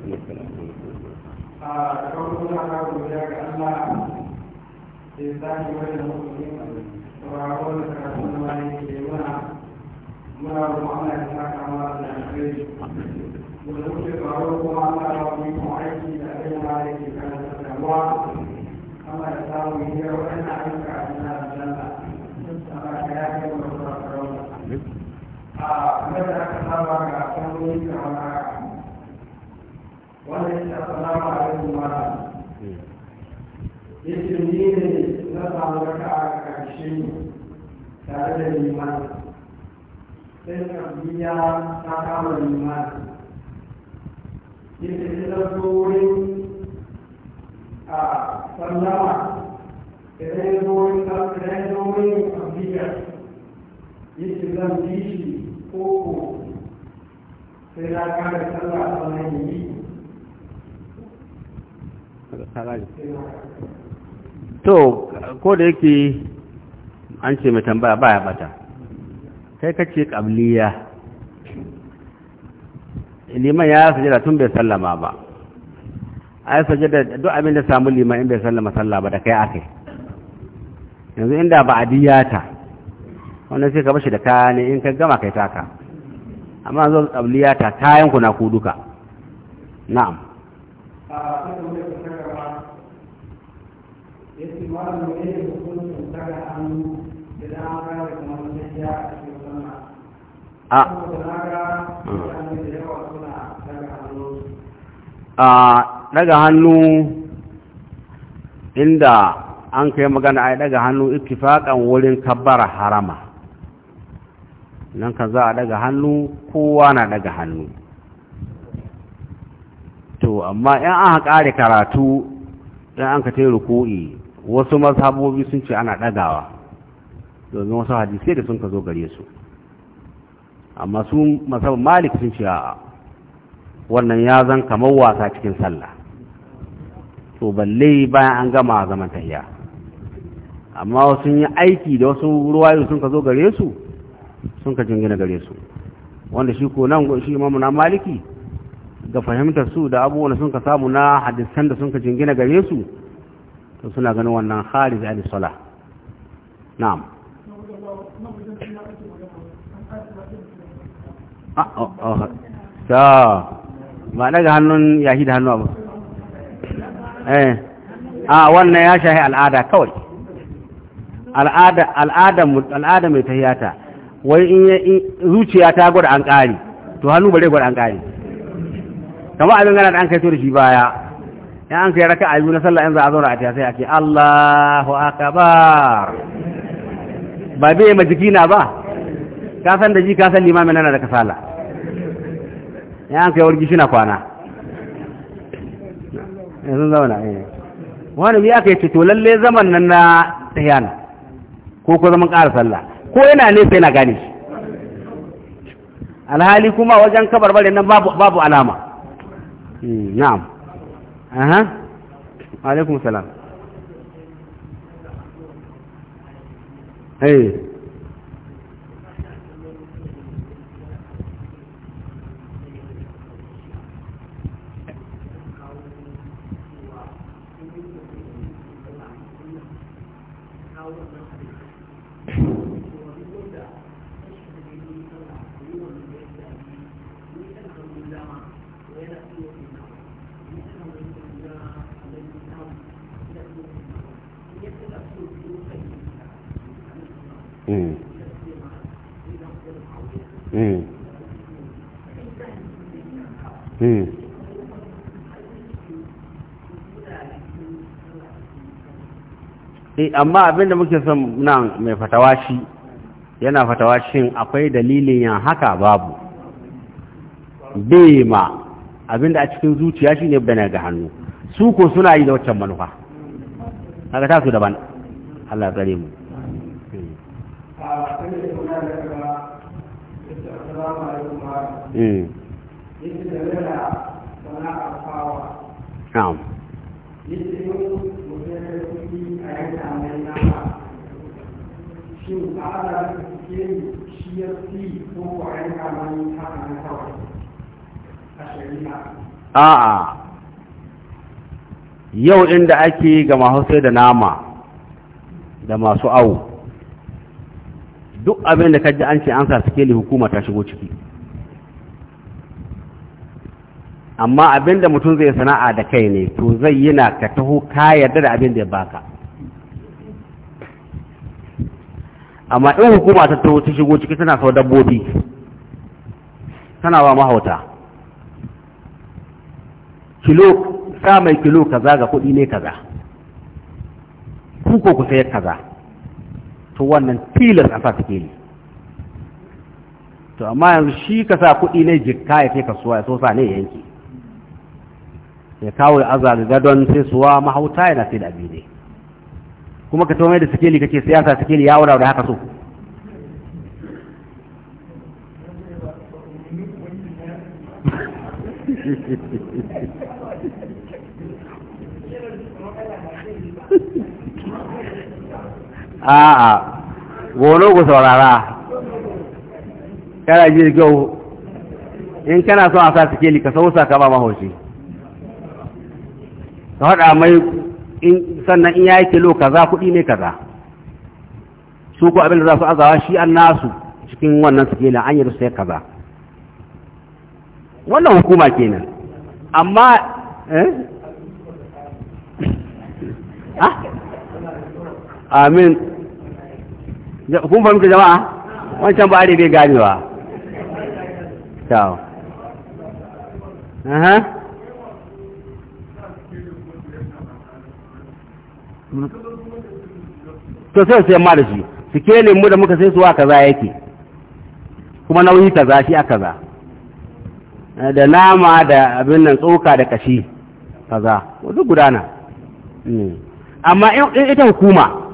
alaikum assalam a kawo na na godiya ga Allah da ya sake wani mutum sauraron karatun da wani ke mana muna kuma Allah ya saka mana da alheri da muke tsaro kuma Allah ya yi mu aiki da abin da ya ke ta da wa Allah ya samu yi da wannan ayyuka a cikin aljanna Allah ya yafe mu da sauraron a kuma da aka saba ga kalmomi ka haka wanda ya a alaikum wa ya ce ni ne na samu raka a ƙarshe tare da liman sai biya ta kama liman ya ce ina zo wurin a sallama idan ya zo wurin idan ya zo wurin ƙarfiya ya ce zan bi shi ko sai na kare sallah sannan yi to ko da yake an ce mai tambaya baya bata kai kace qabliya liman ya sujada tun bai sallama ba ai sujada duk abin da samu liman in bai sallama sallah ba da kai akai yanzu inda ba ta wanda sai ka bashi da kaya ne in ka gama kai taka amma zo ta kayan ku na ku duka na'am malam ne ne hukuncin daga hannu idan an da kuma sai ya a cikin daga hannu. a daga hannu inda an kai magana a yi daga hannu ittifaƙan wurin kabbara harama nan ka za a daga hannu kowa na daga hannu to amma in aka ƙare karatu in an ka ruku'i wasu mazhabobi sun ce ana ɗagawa domin wasu hadisai da sun ka zo gare su amma su mazhabin malik sun ce a wannan ya zan kamar wasa cikin sallah to balle bayan an gama zaman tahiya amma wasu yi aiki da wasu ruwayo sun ka zo gare su sun ka jingina gare su wanda shi ko nan shi imamu na maliki ga fahimtar su da abubuwan sun ka samu na hadisan da sun ka jingina gare su to suna ganin wannan kharij ali sala na'am ah, oh, oh. ta ba daga hannun yahi da hannu abu eh a ah, wannan ya shahi al'ada kawai al'ada al'ada al'ada mai tahiyata wai in zuciya ta gwada an ƙari to hannu bare gwada an ƙari kamar abin gana da an kai to da shi baya in an kai raka ayu na sallah in za a zauna a sai a Allahu akbar ba bai ma jiki na ba ka san da ji ka san limamin nan da kasala in an kai wargi shina kwana yanzu eh, zauna eh wani bi aka yi to lalle zaman nan na tiyana ko ko zaman ƙara sallah ko yana ne sai na gane shi alhali kuma wajen kabarbarin nan babu babu alama hmm, na'am aha alaikum salam eh Thank you. Eh, amma abinda muke son nan mai fatawa yana fatawa akwai dalilin yan haka babu bema abinda a cikin zuciya ne bane ga hannu su ko suna yi da waccan manufa haka ta su daban Allah ya tsare mu A'a, yau inda ake ga masu sai da nama da masu awo. duk abin da ka ji an ce an sa ne hukuma ta shigo ciki amma abin da mutum zai sana'a da kai ne to zai yi na ka taho ka yarda da abin da ya baka amma in hukuma ta taho ta shigo ciki tana sau dabbobi tana wa mahauta kilo sa mai kilo kaza ga kuɗi ne kaza ku ku sayar kaza to wannan tilas a sa suke ne to amma yanzu shi ka sa kuɗi ne jikka ya ce kasuwa ya so sa ne yanki ya kawo ya aza ga gadon sai suwa mahauta yana sai da abi ne kuma ka tome da sikeli kake siyasa sikeli ya wura da haka so a'a gono ku saurara kana ji kyau in kana son a sa sikeli ka sausa ka ba mahaushi ka haɗa mai sannan in yayi kilo kaza kuɗi ne kaza su ko abin da za su azawa shi an nasu cikin wannan sikelin an yi da sai kaza wannan hukuma kenan amma eh ah? amin kun fahimta jama'a wancan ba are bai ganewa ba. Ta to sai sai ma da shi sikelin mu da muka sai suwa kaza yake kuma nauyi kaza shi a kaza da nama da abin nan tsoka da kashi kaza duk gudana hmm. amma ita hukuma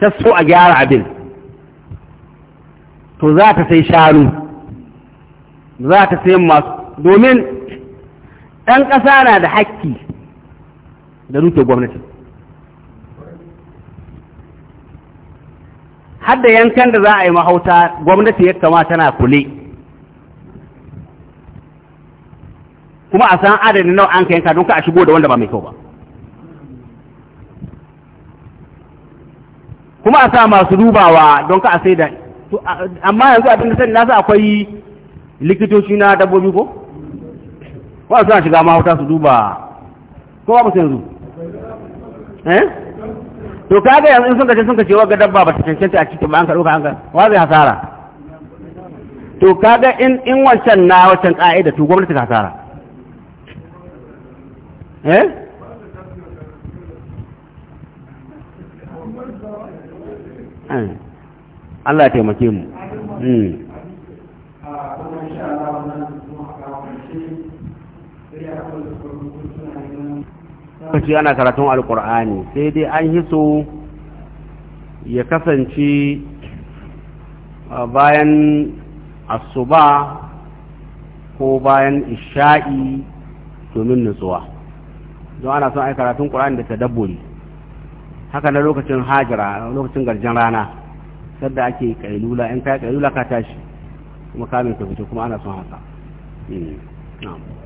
ta so a gyara abin to za ta sai shanu za ta sai masu domin ɗan ƙasa na da haƙƙi da rufe gwamnati har da yankan da za a yi mahauta gwamnati ya kama tana kule kuma a san adadin nawa an ka yanka don ka a shigo da wanda ba mai kyau ba kuma a sa masu dubawa don ka a sai da amma yanzu abin da sani sa akwai likitoci na dabbobi ko ba suna shiga mahauta su duba ko ba musu yanzu eh to kaga yanzu sun kace sun kace wa ga dabba ba ta cancanta a cikin ba an karo ka an ga wa zai hasara to kaga in in wancan na wancan ka'ida to gwamnati ta hasara eh Allah ya taimake mu hmm. kaci ana karatun alkur'ani sai dai an yi so ya kasance uh, bayan asuba ko bayan isha'i domin nutsuwa don ana son ai karatun ƙur'ani da tadabburi haka na lokacin hajira lokacin garjan rana sadda ake kailula in ka kailula ka tashi kuma kamin ka fito kuma ana son haka hmm,